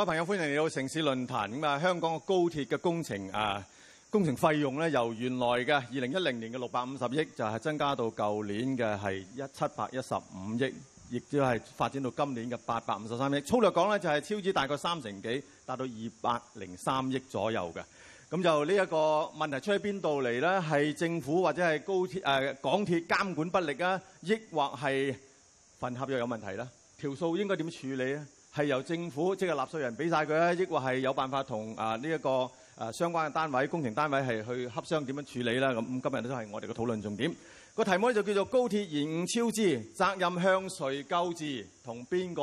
各位朋友，歡迎嚟到城市論壇咁啊！香港嘅高鐵嘅工程啊，工程費用咧，由原來嘅二零一零年嘅六百五十億，就係增加到舊年嘅係一七百一十五億，亦都係發展到今年嘅八百五十三億。粗略講咧，就係超支大概三成幾，達到二百零三億左右嘅。咁就呢一個問題出喺邊度嚟咧？係政府或者係高鐵誒港鐵監管不力啊，抑或係份合約有問題啦？條數應該點處理咧？係由政府即係納稅人俾晒佢啊！抑或係有辦法同啊呢一個啊相關嘅單位工程單位係去洽商點樣處理啦？咁今日都係我哋嘅討論重點。個題目咧就叫做高鐵延誤超支，責任向誰究治？同邊個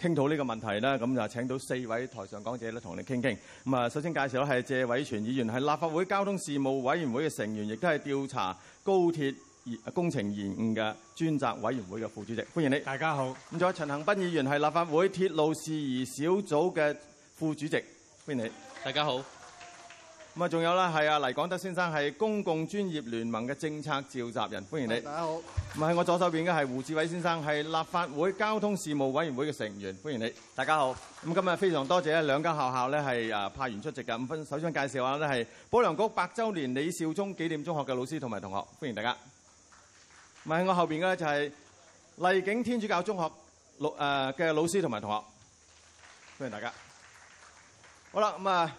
傾討呢個問題咧？咁就請到四位台上講者咧，同我哋傾傾。咁啊，首先介紹咧係謝偉銓議員，係立法會交通事務委員會嘅成員，亦都係調查高鐵。工程延誤嘅專責委員會嘅副主席，歡迎你。大家好。咁仲有陳恒鑌議員係立法會鐵路事宜小組嘅副主席，歡迎你。大家好。咁啊，仲有咧係阿黎廣德先生係公共專業聯盟嘅政策召集人，歡迎你。大家好。咁喺我左手邊嘅係胡志偉先生係立法會交通事務委員會嘅成員，歡迎你。大家好。咁今日非常多謝兩間學校咧係啊派員出席嘅。咁分首先介紹下咧係保良局百周年李兆忠紀念中學嘅老師同埋同學，歡迎大家。唔係我後邊嘅就係麗景天主教中學老、誒嘅老師同埋同學，歡迎大家。好啦，咁啊，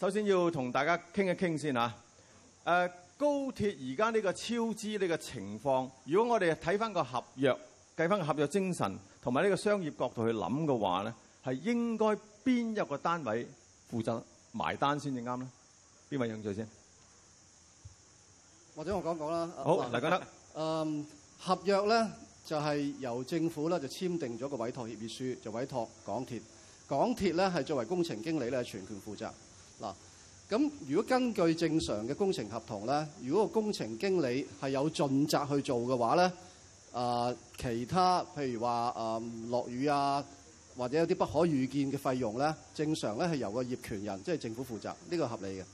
首先要同大家傾一傾先嚇。誒，高鐵而家呢個超支呢個情況，如果我哋睇翻個合約，計翻個合約精神同埋呢個商業角度去諗嘅話咧，係應該邊一個單位負責埋單先至啱咧？邊位讓座先？或者我講講啦。好，大家德。誒、um, 合約呢就係、是、由政府呢就簽訂咗個委託協議書，就委託港鐵。港鐵呢係作為工程經理呢係全權負責嗱。咁如果根據正常嘅工程合同呢，如果個工程經理係有盡責去做嘅話呢，誒、呃、其他譬如話誒落雨啊，或者有啲不可預見嘅費用呢，正常呢係由個業權人即係、就是、政府負責，呢、呢個合理嘅。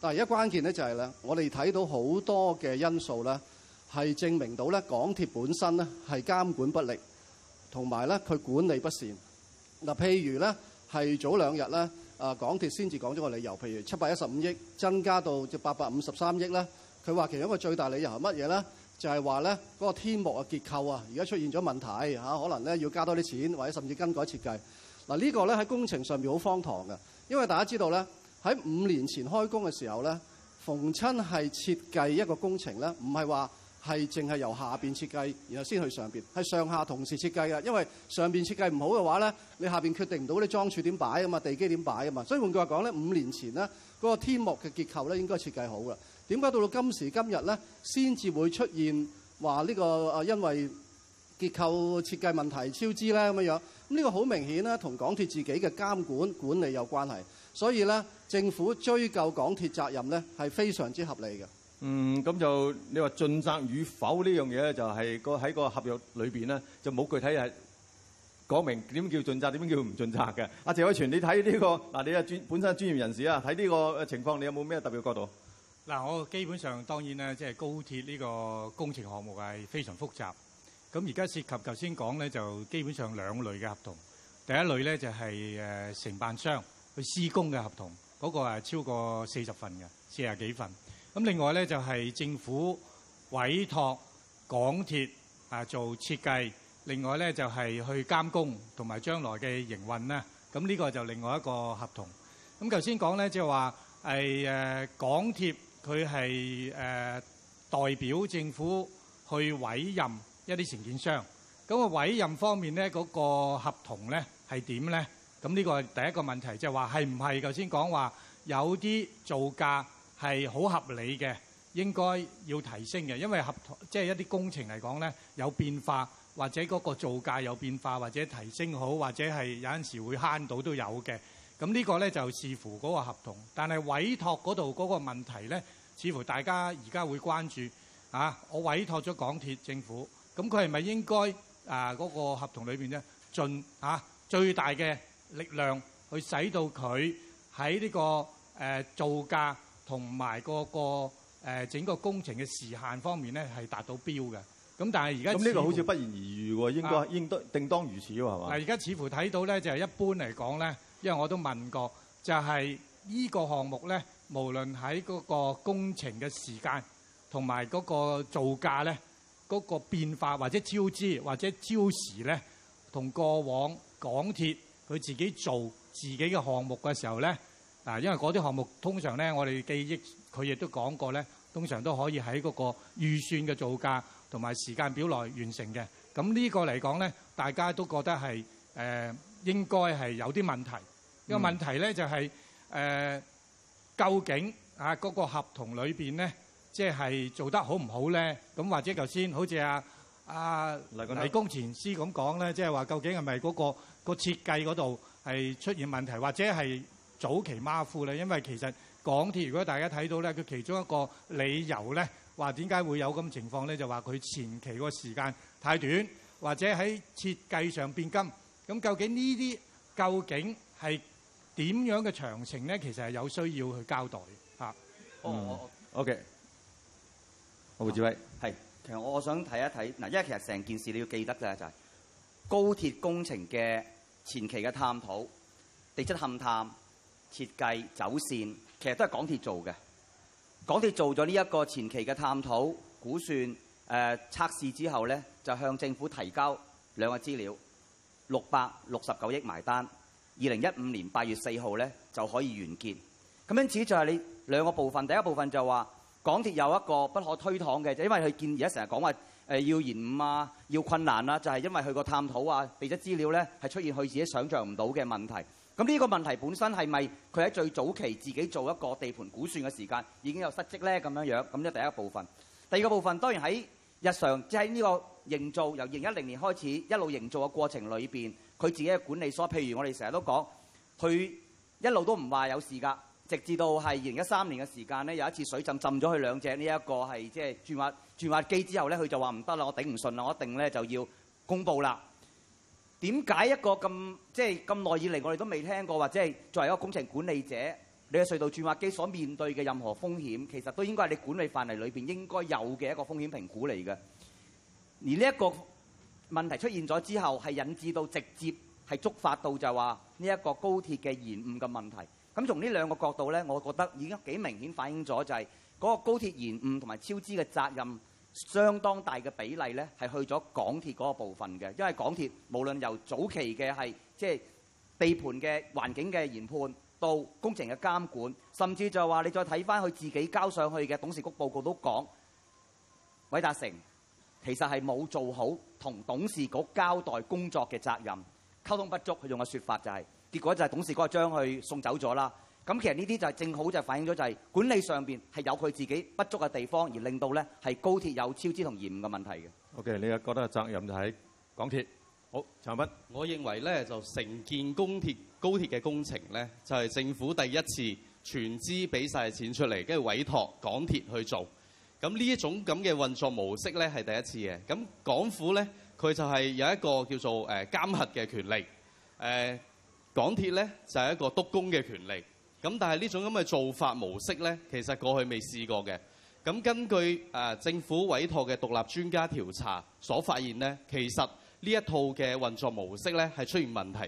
但係而家關鍵呢，就係、是、呢，我哋睇到好多嘅因素呢。係證明到咧，港鐵本身咧係監管不力，同埋咧佢管理不善。嗱，譬如咧係早兩日咧，啊港鐵先至講咗個理由，譬如七百一十五億增加到即八百五十三億咧，佢話其中一個最大理由係乜嘢咧？就係話咧嗰個天幕嘅結構啊，而家出現咗問題吓，可能咧要加多啲錢，或者甚至更改設計嗱。呢個咧喺工程上面好荒唐㗎，因為大家知道咧喺五年前開工嘅時候咧，逢親係設計一個工程咧，唔係話，係淨係由下邊設計，然後先去上邊，係上下同時設計嘅。因為上邊設計唔好嘅話咧，你下邊決定唔到你裝柱點擺啊嘛，地基點擺啊嘛。所以換句話講咧，五年前咧嗰個天幕嘅結構咧應該設計好噶。點解到到今時今日咧，先至會出現話呢個誒因為結構設計問題超支咧咁樣樣？呢個好明顯啦，同港鐵自己嘅監管管理有關係。所以咧，政府追究港鐵責任咧係非常之合理嘅。嗯，咁就你話盡責與否呢樣嘢咧，就係喺個合約裏邊咧，就冇具體係講明點叫盡責，點叫唔盡責嘅。阿謝偉銓，你睇呢個嗱，你啊專本身專業人士啊，睇呢個情況，你有冇咩特別角度？嗱，我基本上當然咧，即係高鐵呢個工程項目係非常複雜。咁而家涉及頭先講咧，就基本上兩類嘅合同。第一類咧就係誒承辦商去施工嘅合同，嗰個係超過四十份嘅，四十幾份。咁另外咧就係政府委託港鐵啊做設計，另外咧就係去監工同埋將來嘅營運啦。咁呢個就另外一個合同。咁頭先講咧，即係話係誒港鐵佢係誒代表政府去委任一啲承建商。咁個委任方面咧，嗰個合同咧係點咧？咁呢個第一個問題，即係話係唔係頭先講話有啲造價？係好合理嘅，應該要提升嘅，因為合同即係、就是、一啲工程嚟講呢，有變化或者嗰個造價有變化，或者提升好，或者係有陣時會慳到都有嘅。咁呢個呢，就視乎嗰個合同，但係委託嗰度嗰個問題咧，似乎大家而家會關注啊。我委託咗港鐵政府，咁佢係咪應該啊嗰、那個合同裏邊呢，盡啊最大嘅力量去使到佢喺呢個誒、呃、造價？同埋、嗰個、呃、整個工程嘅時限方面咧，係達到標嘅。咁但係而家呢個好似不言而喻喎，應該、啊、應當定當如此喎，係嘛？嗱，而家似乎睇到咧，就係、是、一般嚟講咧，因為我都問過，就係、是、呢個項目咧，無論喺嗰個工程嘅時間同埋嗰個造價咧，嗰、嗰個變化或者超支或者超時咧，同過往港鐵佢自己做自己嘅項目嘅時候咧。嗱，因為嗰啲項目通常咧，我哋記憶佢亦都講過咧，通常都可以喺嗰個預算嘅造價同埋時間表內完成嘅。咁呢個嚟講咧，大家都覺得係誒應該係有啲問題。呢個問題咧，就係誒究竟啊嗰個合同裏邊咧，即係做得好唔好咧？咁或者頭先好似啊啊李工程師咁講咧，即係話究竟係咪嗰個個設計嗰度係出現問題，或者係？早期馬虎咧，因為其實港鐵如果大家睇到咧，佢其中一個理由咧，話點解會有咁情況咧，就話佢前期個時間太短，或者喺設計上變金咁。究竟呢啲究竟係點樣嘅詳情咧？其實係有需要去交代嚇、嗯。我,我 O.K. 胡志偉係其實我想睇一睇嗱，因為其實成件事你要記得㗎就係、是、高鐵工程嘅前期嘅探討、地質勘探。設計走線其實都係港鐵做嘅，港鐵做咗呢一個前期嘅探討估算誒、呃、測試之後呢，就向政府提交兩個資料，六百六十九億埋單，二零一五年八月四號呢，就可以完結。咁因此就係你兩個部分，第一部分就話港鐵有一個不可推搪嘅，就是、因為佢見而家成日講話誒要延誤啊，要困難啦、啊，就係、是、因為佢個探討啊，地質資料呢，係出現佢自己想象唔到嘅問題。咁呢個問題本身係咪佢喺最早期自己做一個地盤估算嘅時間已經有失職呢？咁樣樣咁呢就第一部分，第二個部分當然喺日常即係呢個營造，由二零一零年開始一路營造嘅過程裏面，佢自己嘅管理所，譬如我哋成日都講，佢一路都唔話有事㗎，直至到係二零一三年嘅時間呢，有一次水浸浸咗佢兩隻呢一個係即係鑽挖鑽挖機之後呢，佢就話唔得啦，我頂唔順啦，我一定呢就要公佈啦。點解一個咁即係咁耐以嚟，我哋都未聽過，或者係作為一個工程管理者，你嘅隧道鑽挖機所面對嘅任何風險，其實都應該係你管理範圍裏邊應該有嘅一個風險評估嚟嘅。而呢一個問題出現咗之後，係引致到直接係觸發到就話呢一個高鐵嘅延誤嘅問題。咁從呢兩個角度呢，我覺得已經幾明顯反映咗就係嗰個高鐵延誤同埋超支嘅責任。相當大嘅比例呢係去咗港鐵嗰個部分嘅，因為港鐵無論由早期嘅係即係地盤嘅環境嘅研判，到工程嘅監管，甚至就係話你再睇返佢自己交上去嘅董事局報告都講，韋達誠其實係冇做好同董事局交代工作嘅責任，溝通不足，佢用嘅說法就係、是，結果就係董事局將佢送走咗啦。咁其實呢啲就係正好就反映咗就係管理上邊係有佢自己不足嘅地方，而令到咧係高鐵有超支同延誤嘅問題嘅。OK，你又覺得責任就喺港鐵。好，恒鑌，我認為咧就承建公鐵高鐵嘅工程咧就係政府第一次全資俾曬錢出嚟，跟住委託港鐵去做。咁呢一種咁嘅運作模式咧係第一次嘅。咁港府咧佢就係有一個叫做誒監核嘅權力，誒港鐵咧就係一個督工嘅權力。咁但係呢種咁嘅做法模式咧，其實過去未試過嘅。咁根據誒政府委託嘅獨立專家調查所發現咧，其實呢一套嘅運作模式咧係出現問題。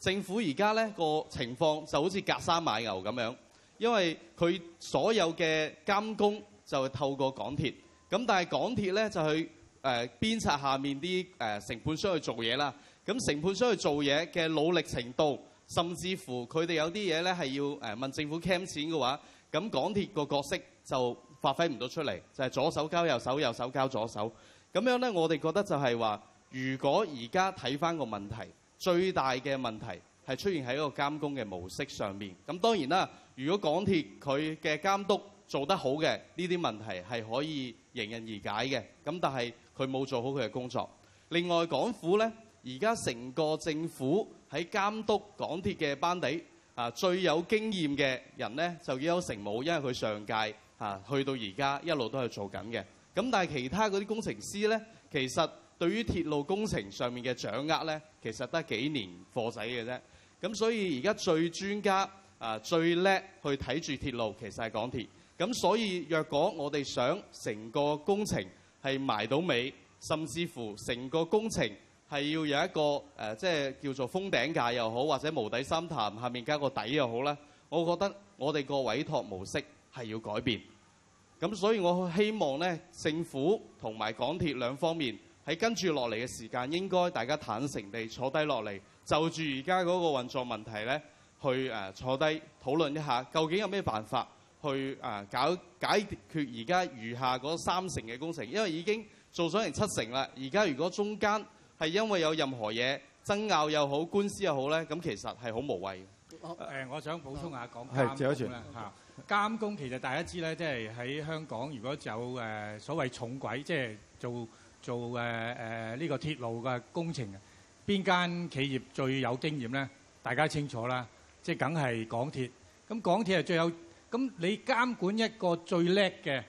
政府而家咧個情況就好似隔山買牛咁樣，因為佢所有嘅監工就係透過港鐵，咁但係港鐵咧就去誒鞭策下面啲誒承判商去做嘢啦。咁承判商去做嘢嘅努力程度。甚至乎佢哋有啲嘢咧係要誒問政府攬錢嘅話，咁港鐵個角色就發揮唔到出嚟，就係左手交右手，右手交左手。咁樣咧，我哋覺得就係話，如果而家睇翻個問題，最大嘅問題係出現喺一個監工嘅模式上面。咁當然啦，如果港鐵佢嘅監督做得好嘅，呢啲問題係可以迎刃而解嘅。咁但係佢冇做好佢嘅工作。另外，港府咧。而家成個政府喺監督港鐵嘅班底啊，最有經驗嘅人呢，就已有成武，因為佢上屆啊去到而家一路都係做緊嘅。咁但係其他嗰啲工程師呢，其實對於鐵路工程上面嘅掌握呢，其實得幾年貨仔嘅啫。咁所以而家最專家啊，最叻去睇住鐵路，其實係港鐵。咁所以若果我哋想成個工程係埋到尾，甚至乎成個工程，係要有一個呃、即係，叫做封頂價又好，或者無底深潭下面加個底又好咧。我覺得我哋個委託模式係要改變。咁所以我希望呢政府同埋港鐵兩方面喺跟住落嚟嘅時間，應該大家坦誠地坐低落嚟，就住而家嗰個運作問題呢，去、呃、坐低討論一下，究竟有咩辦法去搞、呃、解決而家餘下嗰三成嘅工程，因為已經做咗成七成啦。而家如果中間，係因為有任何嘢爭拗又好，官司又好咧，咁其實係好無謂。誒，我想補充下講監工啦嚇。監工其實大家知咧，即係喺香港，如果有誒所謂重軌，即係做做誒誒呢個鐵路嘅工程，邊間企業最有經驗咧？大家清楚啦。即係梗係港鐵。咁港鐵係最有。咁你監管一個最叻嘅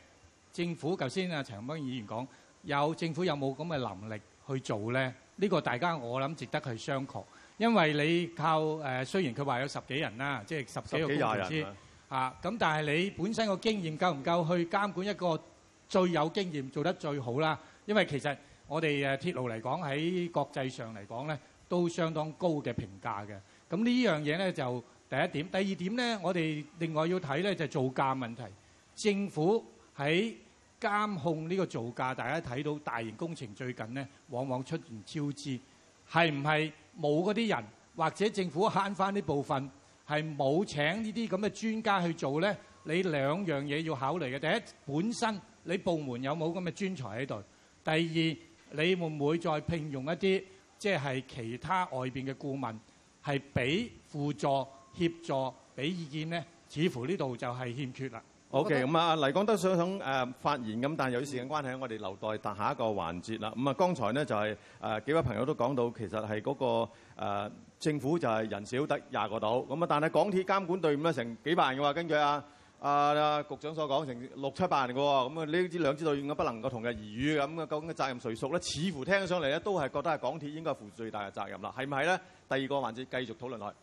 政府，頭先啊陳恒鑌議員講，有政府有冇咁嘅能力？去做咧，呢個大家我諗值得去商榷，因為你靠誒，雖然佢話有十幾人啦，即係十幾個公司啊，十幾廿人先，咁但係你本身個經驗夠唔夠去監管一個最有經驗做得最好啦？因為其實我哋誒鐵路嚟講喺國際上嚟講咧，都相當高嘅評價嘅。咁呢樣嘢咧就第一點，第二點咧，我哋另外要睇咧就係造價問題，政府喺，監控呢個造價，大家睇到大型工程最近呢往往出現超支，係唔係冇嗰啲人，或者政府慳翻呢部分，係冇請呢啲咁嘅專家去做呢？你兩樣嘢要考慮嘅，第一本身你部門有冇咁嘅專才喺度？第二，你會唔會再聘用一啲即係其他外邊嘅顧問，係俾輔助、協助、俾意見呢？似乎呢度就係欠缺啦。Ok，咁啊，黎廣德想誒發言咁，但係由於時間關係，我哋留待下一個環節啦。咁啊，剛才咧就係誒幾位朋友都講到，其實係嗰個誒政府就係人少得廿個度，咁啊，但係港鐵監管隊伍咧成幾百人嘅話，根據阿阿局長所講，成六七百人嘅喎，咁啊，呢啲兩支隊伍應該不能夠同日而語咁嘅，究竟嘅責任誰屬咧？似乎聽上嚟咧都係覺得係港鐵應該係負最大嘅責任啦，係唔係咧？第二個環節繼續討論落去。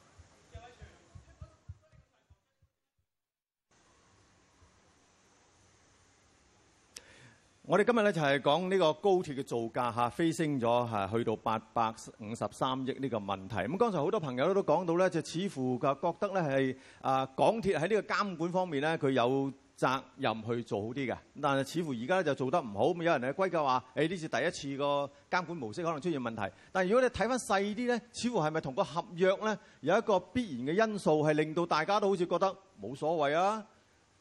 我哋今日咧就係講呢個高鐵嘅造價嚇飛升咗嚇，去到八百五十三億呢個問題。咁剛才好多朋友咧都講到咧，就似乎嘅覺得咧係啊，港鐵喺呢個監管方面咧，佢有責任去做好啲嘅。但係似乎而家咧就做得唔好，咁有人咧歸咎話，誒呢次第一次個監管模式可能出現問題。但係如果你睇翻細啲咧，似乎係咪同個合約咧有一個必然嘅因素係令到大家都好似覺得冇所謂啊？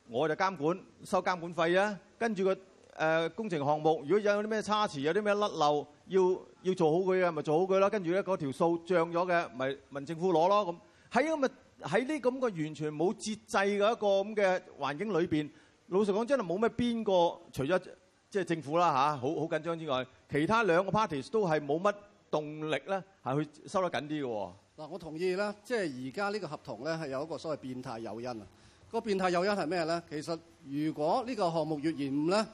我就監管收監管費啊，跟住個。誒、呃、工程項目，如果有啲咩差池，有啲咩甩漏，要要做好佢嘅，咪做好佢啦。跟住咧，嗰條數漲咗嘅，咪問政府攞咯，咁喺咁喺呢咁嘅完全冇節制嘅一個咁嘅環境裏面，老實講真係冇咩邊個除咗即係政府啦吓，好、啊、好緊張之外，其他兩個 parties 都係冇乜動力咧，係去收得緊啲嘅。嗱，我同意啦，即係而家呢個合同咧係有一個所謂變態誘因啊。個變態誘因係咩咧？其實如果呢個項目越延誤咧，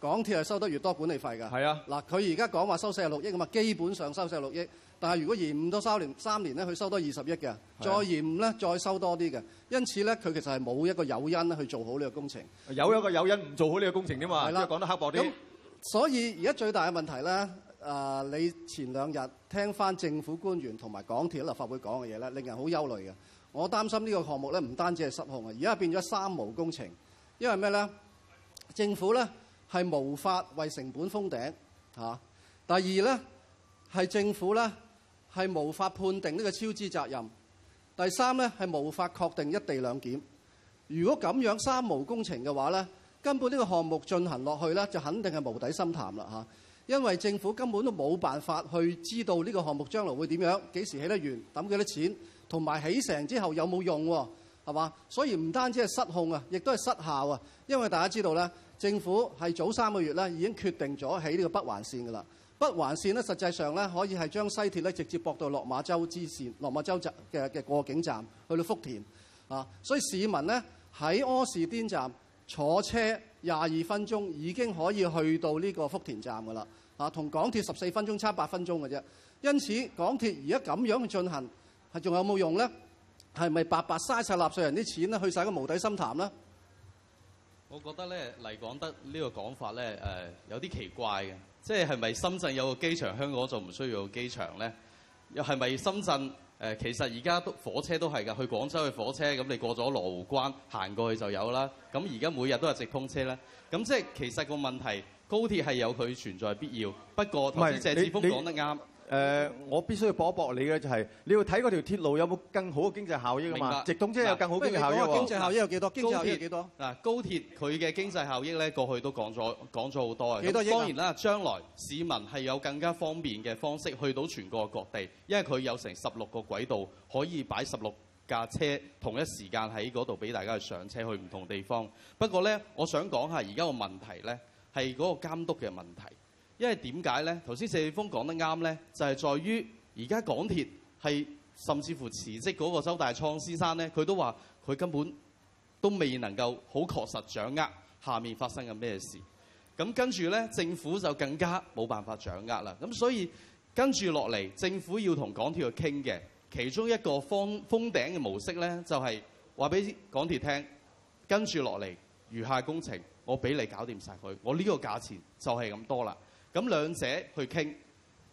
港鐵係收得越多管理費㗎，係啊，嗱，佢而家講話收四十六億嘛，基本上收四十六億。但係如果延誤多三年，三年咧佢收多二十億嘅，啊、再延誤呢，再收多啲嘅。因此呢，佢其實係冇一個誘因去做好呢個工程，有一個誘因唔做好呢個工程㖈嘛，即係講得刻薄啲。所以而家最大嘅問題呢，誒、呃、你前兩日聽翻政府官員同埋港鐵立法會講嘅嘢咧，令人好憂慮嘅。我擔心呢個項目咧唔單止係失控啊，而家變咗三無工程，因為咩呢？政府呢，係無法為成本封頂，啊，第二呢，係政府呢，係無法判定呢個超支責任。第三呢，係無法確定一地兩檢。如果咁樣三無工程嘅話呢，根本呢個項目進行落去呢，就肯定係無底深潭啦，啊，因為政府根本都冇辦法去知道呢個項目將來會點樣，幾時起得完，抌幾多錢，同埋起成之後有冇用喎係嘛？所以唔單止係失控啊，亦都係失效啊。因為大家知道咧。政府係早三個月已經決定咗起呢個北環線㗎啦。北環線實際上可以係將西鐵直接駁到落馬洲支線、落馬洲站嘅過境站去到福田。所以市民喺柯士甸站坐車廿二分鐘已經可以去到呢個福田站㗎啦。啊，同港鐵十四分鐘差八分鐘㗎啫。因此港鐵而家咁樣去進行仲有冇用呢？係咪白白嘥晒納稅人啲錢去曬個無底深潭呢？我覺得咧，黎廣德個呢個講法咧，誒、呃、有啲奇怪嘅，即係係咪深圳有個機場，香港就唔需要有個機場咧？又係咪深圳、呃、其實而家都火車都係㗎，去廣州嘅火車咁，你過咗羅湖關行過去就有啦。咁而家每日都係直通車咧。咁即係其實個問題，高鐵係有佢存在必要。不過不，頭先謝志峰講得啱。誒、呃，我必須要搏一搏你嘅就係、是，你要睇嗰條鐵路有冇更好嘅經濟效益啊嘛！直通車有更好的經濟效益喎、啊啊。經濟效益有幾多？經濟效益幾多？嗱，高鐵佢嘅經濟效益咧，過去都講咗講咗好多嘅。幾多億？、啊、當然啦，將來市民係有更加方便嘅方式去到全國的各地，因為佢有成十六個軌道，可以擺十六架車同一時間喺嗰度俾大家去上車去唔同地方。不過咧，我想講下而家個問題咧，係嗰個監督嘅問題。因為點解咧？頭先謝偉銓講得啱咧，就係、是、在於而家港鐵係甚至乎辭職嗰個周大創先生咧，佢都話佢根本都未能夠好確實掌握下面發生緊咩事。咁跟住咧，政府就更加冇辦法掌握啦。咁所以跟住落嚟，政府要同港鐵去傾嘅其中一個封封頂嘅模式咧，就係話俾港鐵聽，跟住落嚟餘下工程我俾你搞掂晒佢，我呢個價錢就係咁多啦。咁兩者去傾，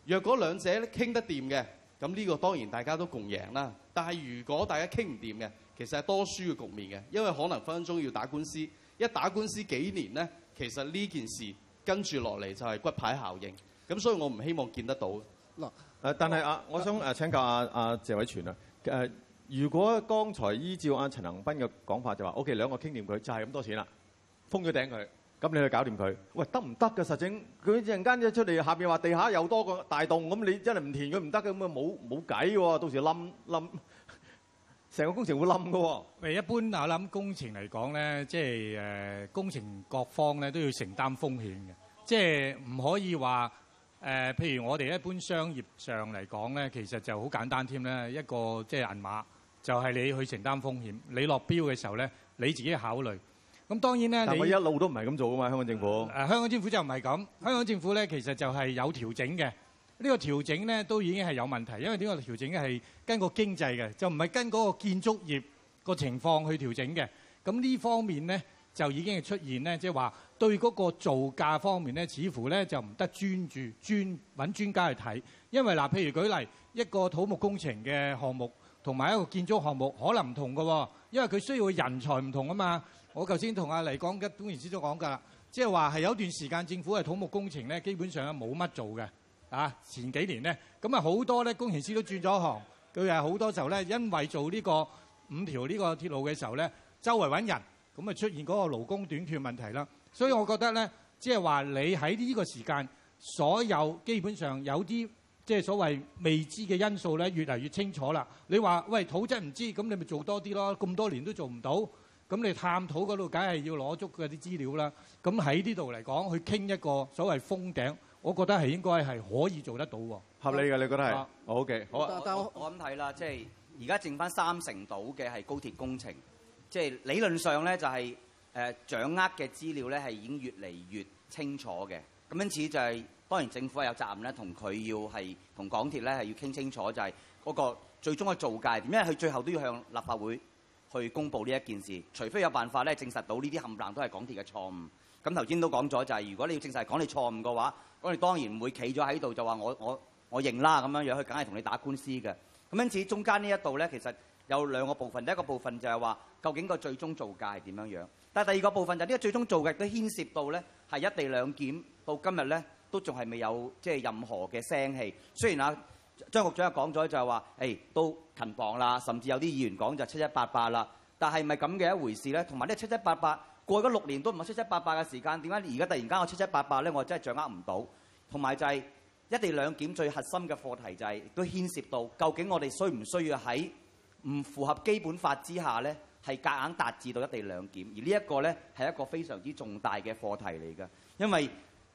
若果兩者咧傾得掂嘅，咁呢個當然大家都共贏啦。但係如果大家傾唔掂嘅，其實係多輸嘅局面嘅，因為可能分分鐘要打官司。一打官司幾年咧，其實呢件事跟住落嚟就係骨牌效應。咁所以我唔希望見得到。嗱、啊，但係啊，我想誒請教阿、啊、阿、啊、謝偉銓啊，啊，如果剛才依照阿、啊、陳恒鑌嘅講法就話，OK，兩個傾掂佢，就係、是、咁多錢啦，封咗頂佢。咁你去搞掂佢？喂，得唔得㗎？實情，佢陣間一出嚟，下邊話地下又多個大洞，咁你真係唔填佢唔得嘅，咁啊冇冇計喎？到時冧冧，成個工程會冧㗎喎。誒，一般我諗工程嚟講咧，即係誒工程各方咧都要承擔風險嘅，即係唔可以話誒。譬如我哋一般商業上嚟講咧，其實就好簡單添咧，一個即係銀碼，就係你去承擔風險。你落標嘅時候咧，你自己考慮。咁當然咧，你一路都唔係咁做噶嘛，香港政府。啊，香港政府就唔係咁。香港政府咧，其實就係有調整嘅。呢個調整咧，都已經係有問題，因為點解調整係跟個經濟嘅，就唔係跟嗰個建築業個情況去調整嘅。咁呢方面咧，就已經係出現咧，即係話對嗰個造價方面咧，似乎咧就唔得專注專揾專家去睇，因為嗱，譬如舉例一個土木工程嘅項目。同埋一個建築項目可能唔同嘅，哦，因為佢需要嘅人才唔同啊嘛。我頭先同阿黎講嘅工程師都講㗎啦，即係話係有段時間政府係土木工程咧，基本上冇乜做嘅啊。前幾年咧，咁啊好多咧工程師都轉咗行。佢係好多時候咧，因為做呢個五條呢個鐵路嘅時候咧，周圍揾人，咁啊出現嗰個勞工短缺問題啦。所以我覺得咧，即係話你喺呢個時間，所有基本上有啲。即係所謂未知嘅因素咧，越嚟越清楚啦。你話喂，土質唔知，咁你咪做多啲咯。咁多年都做唔到，咁你探土嗰度梗係要攞足嗰啲資料啦。咁喺呢度嚟講，去傾一個所謂封頂，我覺得係應該係可以做得到喎。合理嘅，你覺得係？好、啊、嘅，okay, 好。但我我咁睇啦，即係而家剩翻三成到嘅係高鐵工程，即、就、係、是、理論上咧就係、是、誒、呃、掌握嘅資料咧係已經越嚟越清楚嘅。咁因此就係、是。當然，政府係有責任咧，同佢要係同港鐵咧係要傾清楚，就係嗰個最終嘅造價點，因為佢最後都要向立法會去公佈呢一件事，除非有辦法咧證實到呢啲冚唪唥都係港鐵嘅錯誤。咁頭先都講咗，就係如果你要證實講你錯誤嘅話，我哋當然唔會企咗喺度就話我我我認啦咁樣樣，佢梗係同你打官司嘅。咁因此中間呢一度咧，其實有兩個部分。第一個部分就係話究竟個最終造價係點樣樣，但係第二個部分就呢個最終造價都牽涉到咧係一地兩檢到今日咧。都仲係未有即係任何嘅聲氣。雖然啊，張局長又講咗就係、是、話，誒、哎、都近磅啦，甚至有啲議員講就七七八八啦。但係咪咁嘅一回事呢？同埋呢七七八八過咗六年都唔係七七八八嘅時間，點解而家突然間我七七八八呢？我真係掌握唔到。同埋就係、是、一地兩檢最核心嘅課題就係、是、都牽涉到究竟我哋需唔需要喺唔符合基本法之下呢，係夾硬達至到一地兩檢？而呢一個呢，係一個非常之重大嘅課題嚟㗎，因為。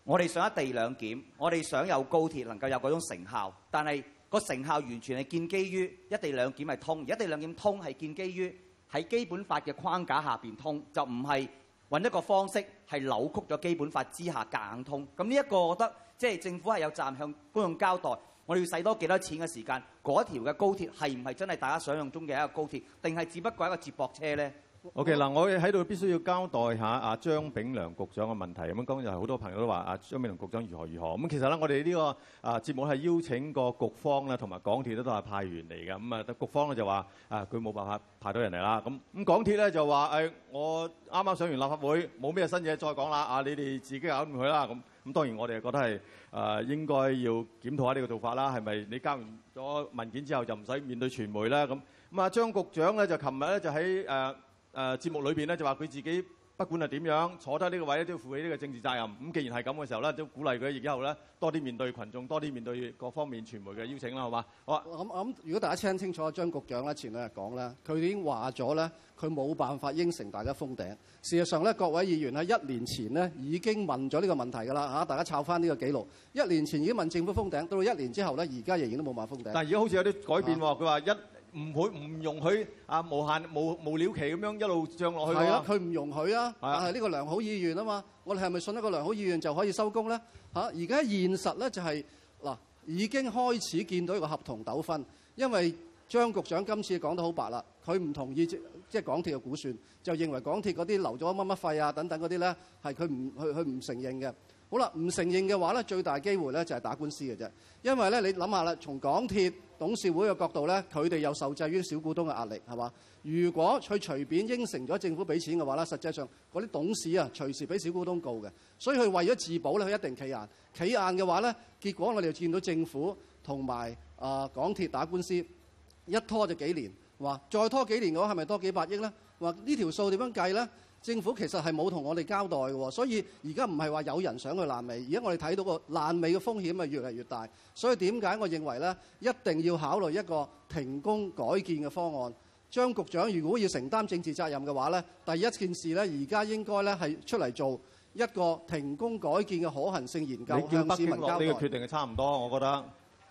我哋想一地兩檢，我哋想有高鐵能夠有嗰種成效，但係個成效完全係建基於一地兩檢係通，而一地兩檢通係建基於喺基本法嘅框架下面通，就唔係揾一個方式係扭曲咗基本法之下硬通。咁呢一個，我覺得即係政府係有責任向公眾交代，我哋要使多幾多錢嘅時間，嗰條嘅高鐵係唔係真係大家想象中嘅一個高鐵，定係只不過係一個接駁車咧？OK 嗱，我哋喺度必須要交代下阿張炳良局長嘅問題。咁樣講就係好多朋友都話阿張炳良局長如何如何。咁其實咧，我哋呢個啊節目係邀請個局方咧，同埋港鐵咧都係派員嚟嘅。咁啊，局方咧就話啊，佢冇辦法派到人嚟啦。咁咁港鐵咧就話誒，我啱啱上完立法會，冇咩新嘢，再講啦。啊，你哋自己搞掂佢啦。咁咁當然我哋係覺得係啊，應該要檢討下呢個做法啦。係咪你交完咗文件之後就唔使面對傳媒啦？咁咁阿張局長咧就琴日咧就喺誒，誒、呃、節目裏邊咧就話佢自己不管係點樣坐低呢個位都要負起呢個政治責任。咁既然係咁嘅時候咧，都鼓勵佢而家後咧多啲面對群眾，多啲面對各方面傳媒嘅邀請啦，好嘛？好。啊，我、嗯、諗、嗯，如果大家聽清楚張局長咧前兩日講咧，佢已經話咗咧，佢冇辦法應承大家封頂。事實上咧，各位議員喺一年前咧已經問咗呢個問題㗎啦嚇，大家抄翻呢個記錄。一年前已經問政府封頂，到一年之後咧，而家仍然都冇話封頂。但係而家好似有啲改變喎，佢、嗯、話、啊、一。唔會唔容許啊無限無無了期咁樣一路漲落去㗎嘛？係啊，佢唔容許啊！係啊，但係呢個良好意願啊嘛，我哋係咪信一個良好意願就可以收工咧？嚇！而家現實咧就係嗱，已經開始見到一個合同糾紛，因為張局長今次講得好白啦，佢唔同意即即係港鐵嘅估算，就認為港鐵嗰啲留咗乜乜費啊等等嗰啲咧係佢唔佢佢唔承認嘅。好啦，唔承認嘅話咧，最大機會咧就係打官司嘅啫，因為咧你諗下啦，從港鐵董事會嘅角度呢，佢哋又受制於小股東嘅壓力，係咪？如果佢隨便應承咗政府俾錢嘅話呢，實際上嗰啲董事啊隨時俾小股東告嘅，所以佢為咗自保咧，佢一定企硬。企硬嘅話呢，結果我哋就見到政府同埋啊港鐵打官司，一拖就幾年，話再拖幾年嘅話係咪多幾百億呢？話呢條數點樣計呢？政府其實係冇同我哋交代嘅，所以而家唔係話有人想去爛尾，而家我哋睇到個爛尾嘅風險係越嚟越大。所以點解我認為咧，一定要考慮一個停工改建嘅方案。張局長如果要承擔政治責任嘅話咧，第一件事咧，而家應該咧係出嚟做一個停工改建嘅可行性研究，向市民交代。你叫北建落呢個決定係差唔多，我覺得。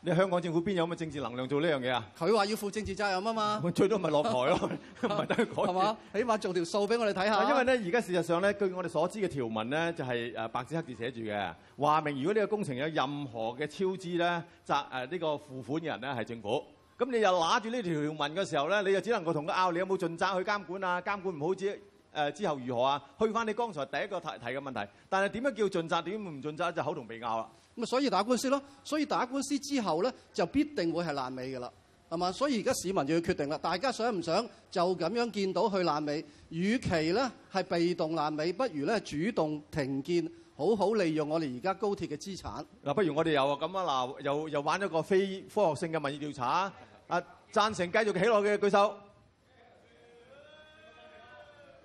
你香港政府邊有咁嘅政治能量做呢樣嘢啊？佢話要負政治責任啊嘛，最多咪落台咯， 唔係得改係嘛？起碼做條數俾我哋睇下。因為咧，而家事實上咧，據我哋所知嘅條文咧，就係、是、誒白紙黑字寫住嘅，話明如果呢個工程有任何嘅超支咧，責誒、呃這個、呢個付款嘅人咧係政府。咁你又揦住呢條文嘅時候咧，你就只能夠同佢拗，你有冇盡責去監管啊？監管唔好之誒之後如何啊？去返你剛才第一個提提嘅問題，但係點樣叫盡責，點唔盡責，就是、口同鼻拗啦。所以打官司咯，所以打官司之後咧，就必定會係爛尾嘅啦，係嘛？所以而家市民就要決定啦，大家想唔想就咁樣見到佢爛尾？與其咧係被動爛尾，不如咧主動停建，好好利用我哋而家高鐵嘅資產。嗱，不如我哋又啊，咁啊嗱，又又玩咗個非科學性嘅民意調查啊！啊，贊成繼續起落嘅舉手，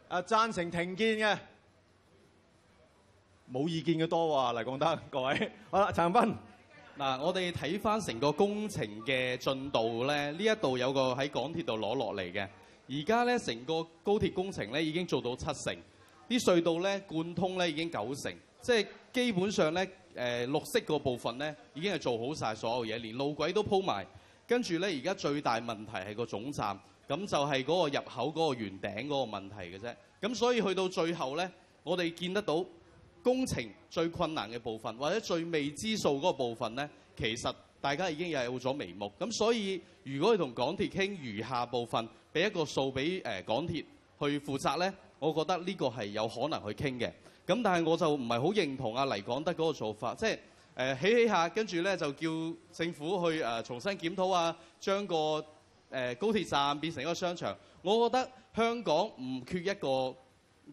啊贊成停建嘅。冇意見嘅多喎、啊，黎廣德，各位好啦，陳恒鑌，嗱、啊，我哋睇返成個工程嘅進度咧，呢一度有個喺港鐵度攞落嚟嘅。而家咧，成個高鐵工程咧已經做到七成，啲隧道咧貫通咧已經九成，即、就、係、是、基本上咧誒、呃、綠色個部分咧已經係做好晒所有嘢，連路軌都鋪埋。跟住咧，而家最大問題係個總站，咁就係嗰個入口嗰個圓頂嗰個問題嘅啫。咁所以去到最後咧，我哋見得到。工程最困難嘅部分，或者最未知數嗰部分呢，其實大家已經有咗眉目。咁所以，如果你同港鐵傾餘下部分，俾一個數俾、呃、港鐵去負責呢，我覺得呢個係有可能去傾嘅。咁但係我就唔係好認同阿黎廣德嗰個做法，即係、呃、起起下，跟住呢，就叫政府去、呃、重新檢討啊，將個、呃、高鐵站變成一個商場。我覺得香港唔缺一個。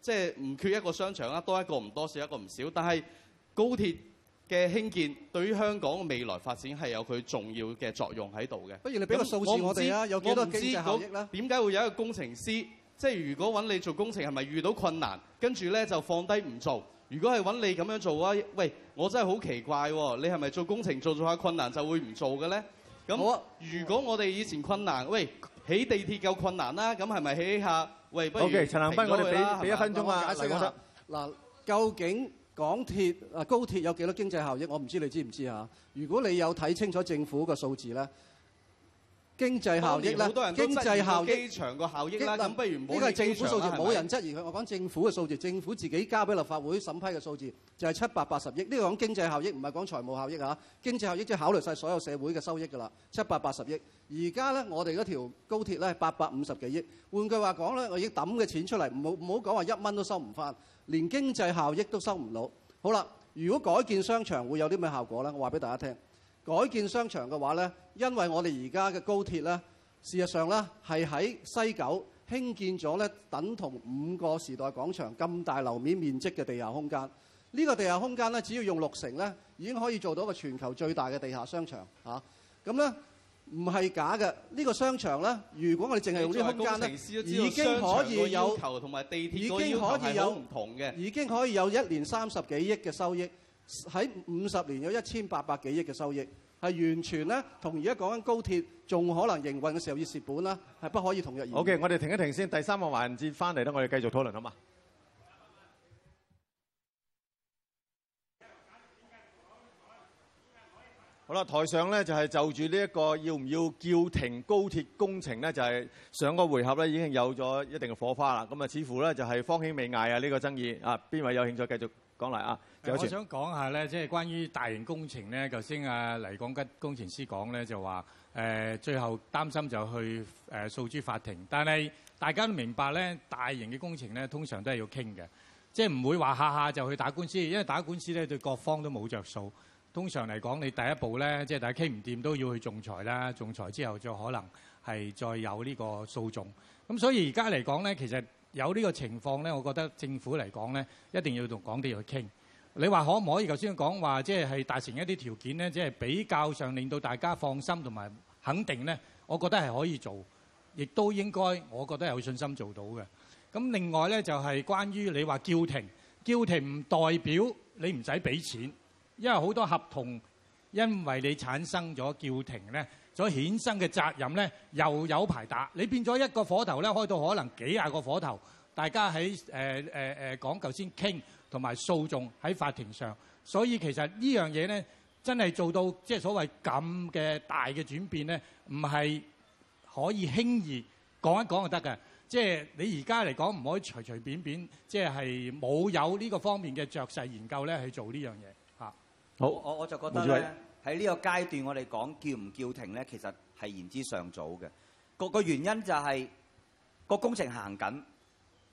即係唔缺一個商場啦，多一個唔多，少一個唔少。但係高鐵嘅興建對於香港未來發展係有佢重要嘅作用喺度嘅。不如你俾個數字我哋啊，有幾多幾多？點解會有一個工程師？即係如果揾你做工程係咪遇到困難，跟住咧就放低唔做？如果係揾你咁樣做啊？喂，我真係好奇怪喎、哦！你係咪做工程做做下困難就會唔做嘅咧？咁、啊、如果我哋以前困難，喂，起地鐵夠困難啦、啊，咁係咪起下？好嘅，陳恒鑌，我哋俾一分鐘啊，解釋、啊、下。嗱、啊啊啊，究竟港鐵、啊、高鐵有幾多經濟效益？我唔知你知唔知嚇。如果你有睇清楚政府個數字咧。經濟效益咧，好多人經濟效益機場嘅效益啦。咁不如唔好去長。呢個係政府數字，冇人質疑佢。我講政府嘅數字，政府自己交俾立法會審批嘅數字就係七百八十億。呢個講經濟效益，唔係講財務效益嚇。經濟效益即係考慮晒所有社會嘅收益㗎啦。七百八十億。而家咧，我哋嗰條高鐵咧，八百五十幾億。換句話講咧，我已經抌嘅錢出嚟，唔好唔好講話一蚊都收唔翻，連經濟效益都收唔到。好啦，如果改建商場會有啲咩效果咧？我話俾大家聽，改建商場嘅話咧。因為我哋而家嘅高鐵事實上是係喺西九興建咗，等同五個時代廣場咁大樓面面積嘅地下空間。呢個地下空間只要用六成已經可以做到個全球最大嘅地下商場啊！咁咧，唔係假嘅。呢個商場如果我哋淨係用呢啲空間咧，已經可以有已經可以有一年三十幾億嘅收益，喺五十年有一千八百幾億嘅收益。係完全咧，同而家講緊高鐵仲可能營運嘅時候要蝕本啦，係不可以同日而語。OK，我哋停一停先，第三個環節翻嚟咧，我哋繼續討論啊嘛。好啦，台上咧就係就住呢一個要唔要叫停高鐵工程咧，就係上個回合咧已經有咗一定嘅火花啦。咁啊，似乎咧就係方興未艾啊呢個爭議啊，邊位有興趣繼續講嚟啊？我想講下咧，即係關於大型工程咧。頭先阿黎廣吉工程師講咧，就話誒最後擔心就去誒訴諸法庭。但係大家都明白咧，大型嘅工程咧，通常都係要傾嘅，即係唔會話下下就去打官司，因為打官司咧對各方都冇着數。通常嚟講，你第一步咧，即係大家傾唔掂都要去仲裁啦，仲裁之後就可能係再有呢個訴訟。咁所以而家嚟講咧，其實有呢個情況咧，我覺得政府嚟講咧，一定要同港鐵去傾。你話可唔可以？頭先講話即係係達成一啲條件咧，即係比較上令到大家放心同埋肯定咧。我覺得係可以做，亦都應該，我覺得有信心做到嘅。咁另外咧就係關於你話叫停，叫停唔代表你唔使俾錢，因為好多合同因為你產生咗叫停咧，所衍生嘅責任咧又有排打。你變咗一個火頭咧，開到可能幾廿個火頭，大家喺誒誒誒講頭先傾。呃呃同埋訴訟喺法庭上，所以其實呢樣嘢咧，真係做到即係所謂咁嘅大嘅轉變咧，唔係可以輕易講一講就得嘅。即係你而家嚟講，唔可以隨隨便便，即係冇有呢個方面嘅着勢研究咧，去做呢樣嘢嚇。好，我我就覺得咧，喺呢個階段我哋講叫唔叫停咧，其實係言之尚早嘅。個個原因就係個工程行緊，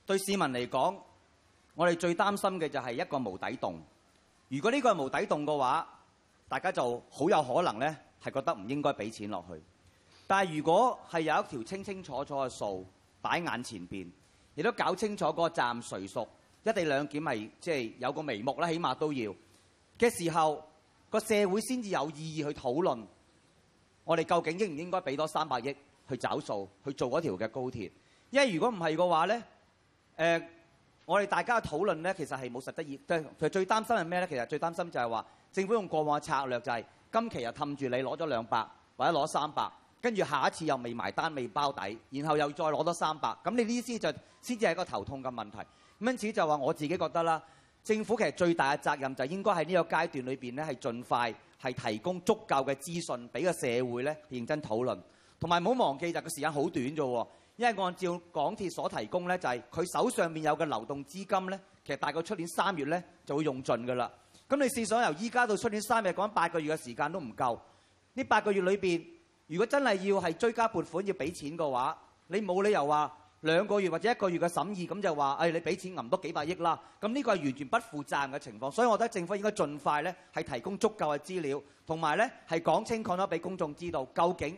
對市民嚟講。我哋最擔心嘅就係一個無底洞。如果呢個係無底洞嘅話，大家就好有可能呢係覺得唔應該俾錢落去。但係如果係有一條清清楚楚嘅數擺眼前邊，亦都搞清楚個站誰屬，一地兩檢係即係有個眉目啦，起碼都要嘅時候，個社會先至有意義去討論我哋究竟應唔應該俾多三百億去找數去做嗰條嘅高鐵。因為如果唔係嘅話呢。誒。我哋大家嘅討論咧，其實係冇實質意。對，其實最擔心係咩咧？其實最擔心就係話，政府用過往嘅策略，就係今期又氹住你攞咗兩百，或者攞三百，跟住下一次又未埋單、未包底，然後又再攞多三百。咁你呢意思就先至係一個頭痛嘅問題。因此就話我自己覺得啦，政府其實最大嘅責任就應該喺呢個階段裏邊咧，係盡快係提供足夠嘅資訊，俾個社會咧，認真討論。同埋唔好忘記就個時間好短啫。因為按照港鐵所提供呢，就係佢手上面有嘅流動資金呢，其實大概出年三月呢，就會用盡㗎啦。咁你試想由依家到出年三月，講八個月嘅時間都唔夠。呢八個月裏面，如果真係要係追加撥款要俾錢嘅話，你冇理由話兩個月或者一個月嘅審議，咁就話誒你俾錢揞多幾百億啦。咁呢個係完全不負責任嘅情況。所以我覺得政府應該盡快呢，係提供足夠嘅資料，同埋呢，係講清講咗俾公眾知道究竟。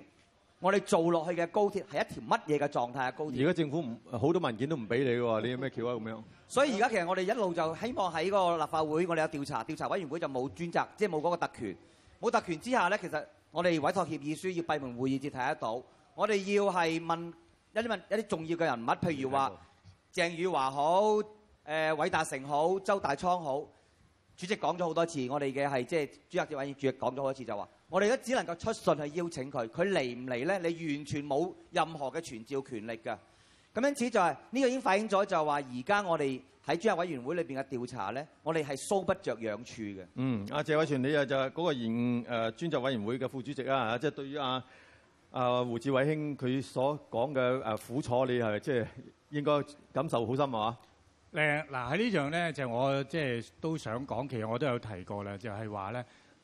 我哋做落去嘅高鐵係一條乜嘢嘅狀態嘅高鐵？而家政府唔好多文件都唔俾你喎，你有咩橋啊咁樣？所以而家其實我哋一路就希望喺個立法會，我哋有調查，調查委員會就冇專責，即係冇嗰個特權。冇特權之下咧，其實我哋委託協議書要閉門會議至睇得到。我哋要係問，問一啲問一啲重要嘅人物，譬如話鄭宇華好、誒、呃、偉達成好、周大倉周大昌好。主席講咗好多次，我哋嘅係即係主客捷委員主席講咗好多次就話。我哋都只能夠出信去邀請佢，佢嚟唔嚟咧？你完全冇任何嘅傳召權力嘅。咁因此就係、是、呢、這個已經反映咗，就係話而家我哋喺專責委員會裏邊嘅調查咧，我哋係搔不着癢處嘅。嗯，阿、啊、謝偉銓，你啊就係、是、嗰個研誒、呃、專責委員會嘅副主席啦，即係對於阿、啊、阿、呃、胡志偉兄佢所講嘅誒苦楚，你係咪即係應該感受好深、嗯、啊？誒，嗱喺呢樣咧，就是、我即係、就是、都想講，其實我都有提過啦，就係話咧。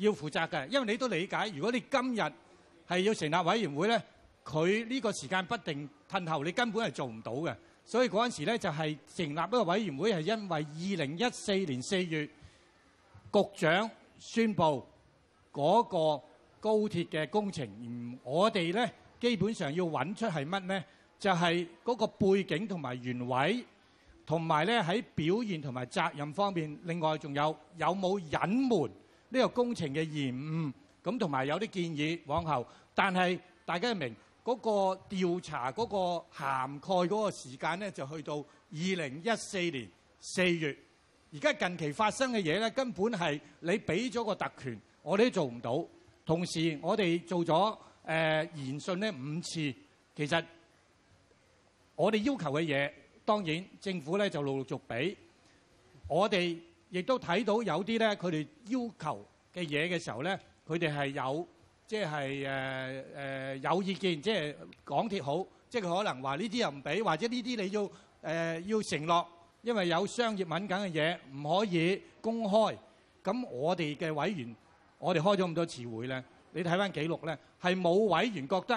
要負責嘅，因為你都理解，如果你今日係要成立委員會咧，佢呢個時間不定，褪後你根本係做唔到嘅。所以嗰陣時咧就係成立一個委員會，係因為二零一四年四月局長宣布嗰個高鐵嘅工程，而我哋咧基本上要揾出係乜咧，就係嗰個背景同埋原委，同埋咧喺表現同埋責任方面，另外仲有有冇隱瞞？呢、這個工程嘅延誤，咁同埋有啲建議往後，但係大家明嗰、那個調查嗰、那個涵蓋嗰個時間咧，就去到二零一四年四月。而家近期發生嘅嘢咧，根本係你俾咗個特權，我哋都做唔到。同時我，我哋做咗誒言訊呢五次，其實我哋要求嘅嘢，當然政府咧就陸陸續俾我哋。亦都睇到有啲咧，佢哋要求嘅嘢嘅時候咧，佢哋係有即係誒誒有意見，即係港鐵好，即係佢可能話呢啲又唔俾，或者呢啲你要誒要承諾，因為有商業敏感嘅嘢唔可以公開。咁我哋嘅委員，我哋開咗咁多次會咧，你睇翻記錄咧，係冇委員覺得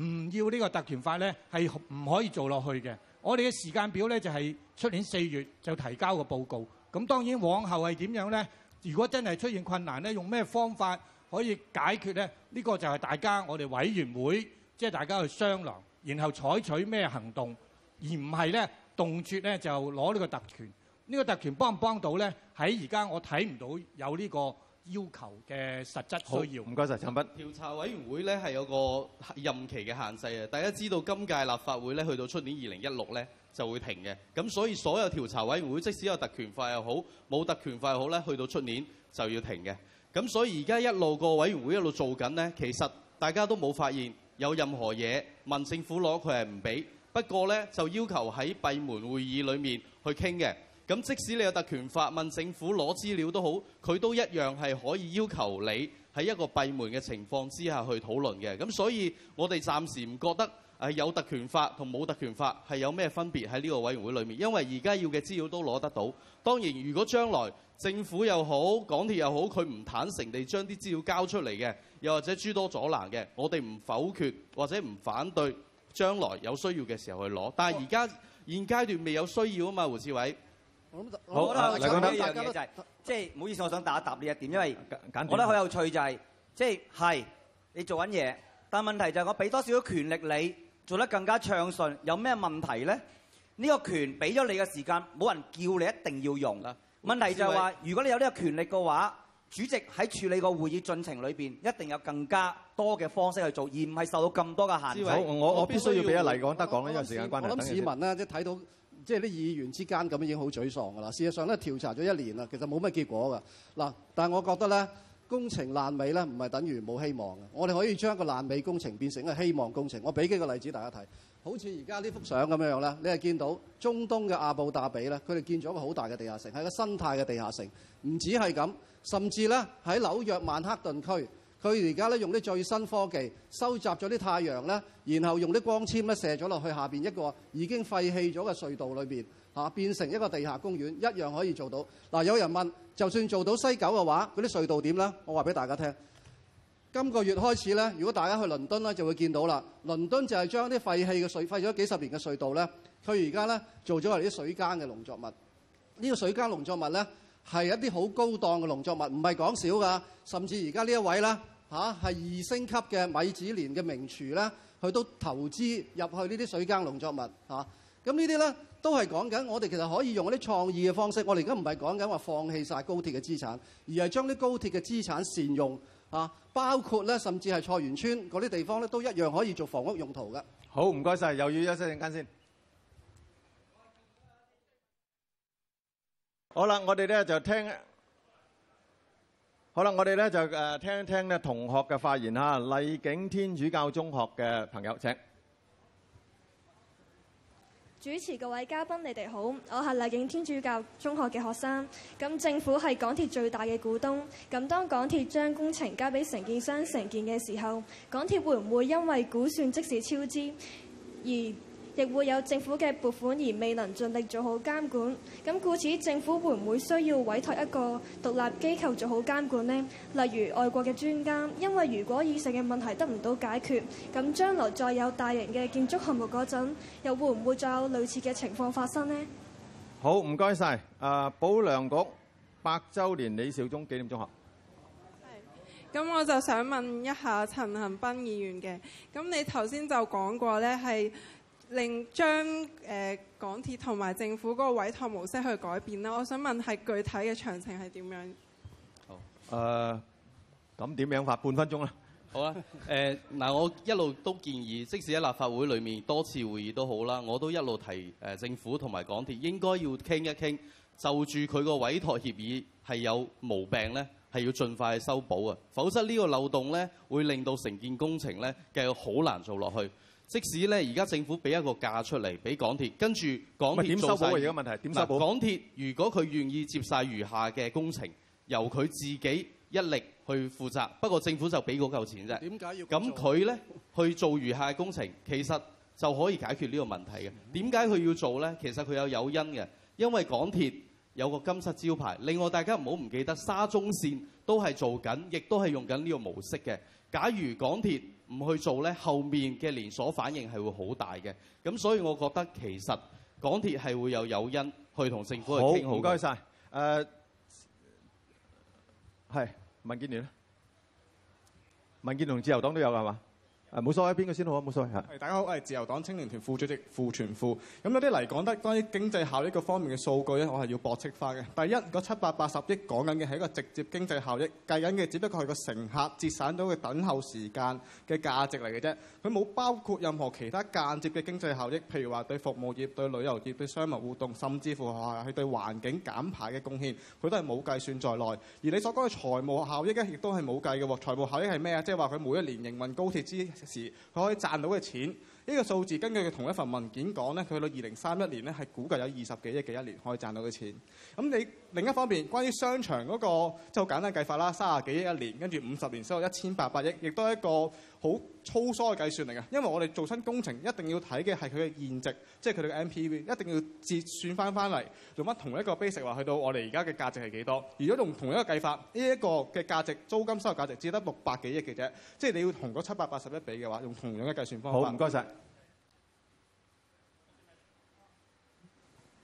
唔要呢個特權法咧，係唔可以做落去嘅。我哋嘅時間表咧就係出年四月就提交個報告。咁當然往後係點樣呢？如果真係出現困難，呢用咩方法可以解決呢？呢、這個就係大家我哋委員會，即、就、係、是、大家去商量，然後採取咩行動，而唔係呢，動輒呢就攞呢個特權。呢、這個特權幫唔幫到呢？喺而家我睇唔到有呢、這個。要求嘅實質需要。好，唔該晒陳鑌。調查委員會咧係有個任期嘅限制嘅。大家知道今屆立法會咧，去到出年二零一六咧就會停嘅。咁所以所有調查委員會，即使有特權法又好，冇特權法又好咧，去到出年就要停嘅。咁所以而家一路個委員會一路做緊咧，其實大家都冇發現有任何嘢問政府攞，佢係唔俾。不過咧，就要求喺閉門會議裏面去傾嘅。咁即使你有特權法問政府攞資料都好，佢都一樣是可以要求你喺一個閉門嘅情況之下去討論嘅。咁所以我哋暫時唔覺得有特權法同冇特權法是有咩分別喺呢個委員會裏面，因為而家要嘅資料都攞得到。當然，如果將來政府又好，港鐵又好，佢唔坦誠地將啲資料交出嚟嘅，又或者諸多阻攔嘅，我哋唔否決或者唔反對將來有需要嘅時候去攞。但係而家現階段未有需要啊嘛。胡志偉。好，覺、啊、我覺得爭幾樣嘢就係、是，即係唔好意思，我想打一答呢一點，因為我覺得好有趣就係、是，即係係你做緊嘢，但問題就係我俾多少嘅權力你做得更加暢順，有咩問題咧？呢、這個權俾咗你嘅時間，冇人叫你一定要用啦。問題就係話，如果你有呢個權力嘅話，主席喺處理個會議進程裏邊，一定有更加多嘅方式去做，而唔係受到咁多嘅限制。好，我我必須要俾阿黎廣德講，因為時間關係。市民咧、啊，即係睇到。即係啲議員之間咁樣已經好沮喪㗎啦。事實上咧，調查咗一年啦，其實冇乜結果㗎。嗱，但係我覺得咧，工程爛尾咧，唔係等於冇希望嘅。我哋可以將一個爛尾工程變成一個希望工程。我俾幾個例子大家睇，好似而家呢幅相咁樣樣啦。你係見到中東嘅阿布達比咧，佢哋建咗一個好大嘅地下城，係一個生態嘅地下城。唔止係咁，甚至咧喺紐約曼克頓區。佢而家用啲最新科技收集咗啲太陽，然後用啲光纖射咗落去下面一個已經廢棄咗嘅隧道裏面，變成一個地下公園一樣可以做到。有人問，就算做到西九嘅話，嗰啲隧道點呢？我話俾大家聽，今個月開始，如果大家去倫敦就會見到啦。倫敦就係將啲廢棄嘅水、廢咗幾十年嘅隧道咧，佢而家做咗係啲水耕嘅農作物。呢個水耕農作物呢係一啲好高檔嘅農作物，唔係講少㗎，甚至而家呢一位呢嚇，係二星級嘅米芝蓮嘅名廚啦，佢都投資入去呢啲水耕農作物嚇。咁呢啲咧都係講緊，我哋其實可以用嗰啲創意嘅方式。我哋而家唔係講緊話放棄晒高鐵嘅資產，而係將啲高鐵嘅資產善用嚇，包括咧甚至係菜園村嗰啲地方咧都一樣可以做房屋用途嘅。好，唔該晒，又要休息陣間先。好啦，我哋咧就聽。好啦，我哋咧就誒聽一聽咧同學嘅發言嚇。麗景天主教中學嘅朋友請。主持，各位嘉賓，你哋好，我係麗景天主教中學嘅學生。咁政府係港鐵最大嘅股東，咁當港鐵將工程交俾承建商承建嘅時候，港鐵會唔會因為估算即使超支而？亦會有政府嘅撥款而未能盡力做好監管，咁故此政府會唔會需要委託一個獨立機構做好監管呢？例如外國嘅專家，因為如果以上嘅問題得唔到解決，咁將來再有大型嘅建築項目嗰陣，又會唔會再有類似嘅情況發生呢？好，唔該晒。啊，保良局百周年李兆忠紀念中學。咁我就想問一下陳恒鑌議員嘅，咁你頭先就講過呢係。令將誒、呃、港鐵同埋政府嗰個委託模式去改變啦，我想問係具體嘅詳情係點樣？好，誒、呃，咁點樣發半分鐘啦？好啊，誒 嗱、呃，我一路都建議，即使喺立法會裏面多次會議都好啦，我都一路提誒、呃、政府同埋港鐵應該要傾一傾，就住佢個委託協議係有毛病咧，係要盡快修補啊，否則呢個漏洞咧會令到成件工程咧繼續好難做落去。即使呢，而家政府俾一個價出嚟俾港鐵，跟住港鐵做曬。唔係點修補啊？而家問題點修補？港鐵如果佢願意接曬餘下嘅工程，由佢自己一力去負責。不過政府就俾嗰嚿錢啫。點解要佢？咁佢咧去做餘下嘅工程，其實就可以解決呢個問題嘅。點解佢要做呢？其實佢有誘因嘅，因為港鐵有個金漆招牌。另外，大家唔好唔記得沙中線都係做緊，亦都係用緊呢個模式嘅。假如港鐵，唔去做咧，後面嘅連鎖反應係會好大嘅。咁所以我覺得其實港鐵係會有誘因去同政府去傾。好，唔該曬。誒，係民建聯、民建同自由黨都有㗎，係嘛？冇所謂，邊個先好啊？冇所謂。誒，大家好，我係自由黨青年團副主席傅全富。咁、嗯、有啲嚟講得關於經濟效益個方面嘅數據咧，我係要駁斥翻嘅。第一，嗰七百八,八十億講緊嘅係一個直接經濟效益，計緊嘅只不過係個乘客節省到嘅等候時間嘅價值嚟嘅啫。佢冇包括任何其他間接嘅經濟效益，譬如話對服務業、對旅遊業、對商務互動，甚至乎係對環境減排嘅貢獻，佢都係冇計算在內。而你所講嘅財務效益咧，亦都係冇計嘅喎。財務效益係咩啊？即係話佢每一年營運高鐵之時佢可以賺到嘅錢呢，這個數字根據佢同一份文件講咧，佢去到二零三一年咧係估計有二十幾億幾一年可以賺到嘅錢。咁你？另一方面，關於商場嗰、那個即係好簡單計法啦，三十幾億一年，跟住五十年收入一千八百億，亦都係一個好粗疏嘅計算嚟嘅。因為我哋做新工程一定要睇嘅係佢嘅現值，即係佢哋嘅 MPV，一定要折算翻翻嚟，用翻同一個 base rate 話去到我哋而家嘅價值係幾多？如果用同一個計法，呢、這、一個嘅價值租金收入價值只得六百幾億嘅啫，即係你要同嗰七百八十一比嘅話，用同樣嘅計算方法。好，唔該晒。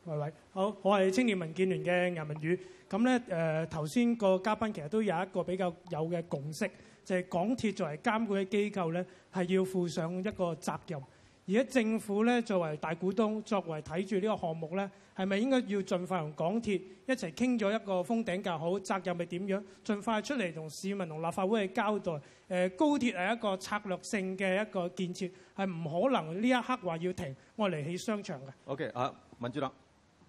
喂喂，好，我係青年民建聯嘅阿文宇。咁咧，誒頭先個嘉賓其實都有一個比較有嘅共識，就係港鐵作為監管嘅機構咧，係要負上一個責任。而家政府咧作為大股東，作為睇住呢個項目咧，係咪應該要盡快同港鐵一齊傾咗一個封頂價好？責任係點樣？盡快出嚟同市民同立法會去交代。誒，高鐵係一個策略性嘅一個建設，係唔可能呢一刻話要停我嚟起商場嘅。OK，啊，民主黨。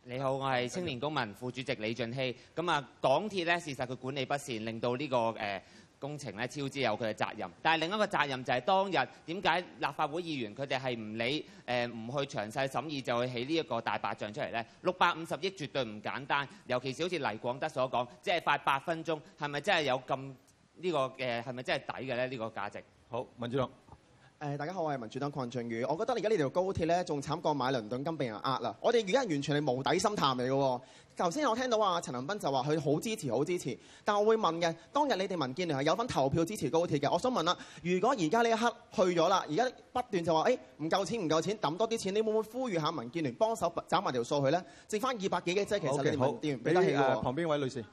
你好，我係青年公民副主席李俊熙。咁啊，港鐵咧，事實佢管理不善，令到呢、這個誒、呃、工程咧超支，有佢嘅責任。但係另一個責任就係當日點解立法會議員佢哋係唔理誒唔、呃、去詳細審議就去起呢一個大白象出嚟咧？六百五十億絕對唔簡單，尤其是好似黎廣德所講，只係快八分鐘，係咪真係有咁、這個呃、呢個誒？係咪真係抵嘅咧？呢個價值好，文主任。誒、哎，大家好，我係民主黨鄺俊宇。我覺得而家呢條高鐵咧，仲慘過買倫敦金被人呃啦。我哋而家完全係無底心談嚟嘅、哦。頭先我聽到啊，陳恒鑌就話佢好支持，好支持。但我會問嘅，當日你哋民建聯係有份投票支持高鐵嘅。我想問啦、啊，如果而家呢一刻去咗啦，而家不斷就話誒唔夠錢，唔夠錢，揼多啲錢，你會唔會呼籲下民建聯幫手揀埋條數去咧，剩翻二百幾嘅啫？其實 okay，你冇。好，俾得嘅。旁邊位女士，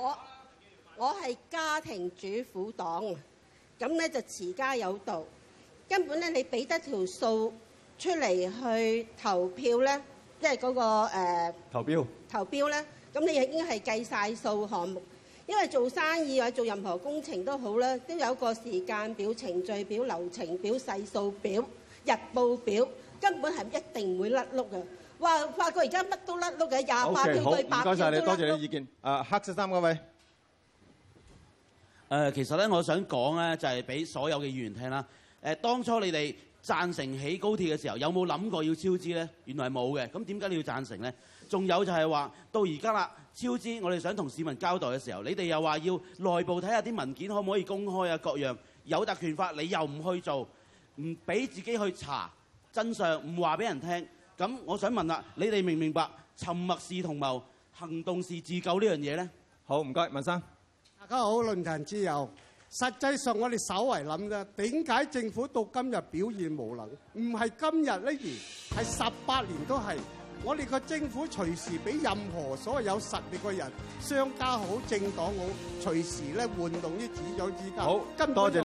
我我係家庭主婦黨。咁咧就持家有道，根本咧你俾得條數出嚟去投票咧，即係嗰個誒投標，投標咧，咁你已經係計曬數項目，因為做生意或者做任何工程都好啦，都有個時間表、程序表、流程表、細數表、日報表，根本係一定唔會甩碌嘅。哇！發覺而家乜都甩碌嘅廿八對八，多謝你，多謝你意見。啊，黑色衫嗰位。誒、呃，其實咧，我想講咧，就係、是、俾所有嘅議員聽啦。誒、呃，當初你哋贊成起高鐵嘅時候，有冇諗過要超支咧？原來冇嘅。咁點解你要贊成咧？仲有就係話到而家啦，超支，我哋想同市民交代嘅時候，你哋又話要內部睇下啲文件可唔可以公開啊，各樣有特權法，你又唔去做，唔俾自己去查真相，唔話俾人聽。咁我想問啦，你哋明唔明白沉默是同謀，行動是自救這件事呢樣嘢咧？好，唔該，文生。大家好，論壇之友，實際上我，我哋稍為諗嘅，點解政府到今日表現無能？唔係今日呢而係十八年都係，我哋個政府隨時俾任何所謂有實力嘅人、商家好、政黨好，隨時咧玩弄於指掌之間，好，多謝。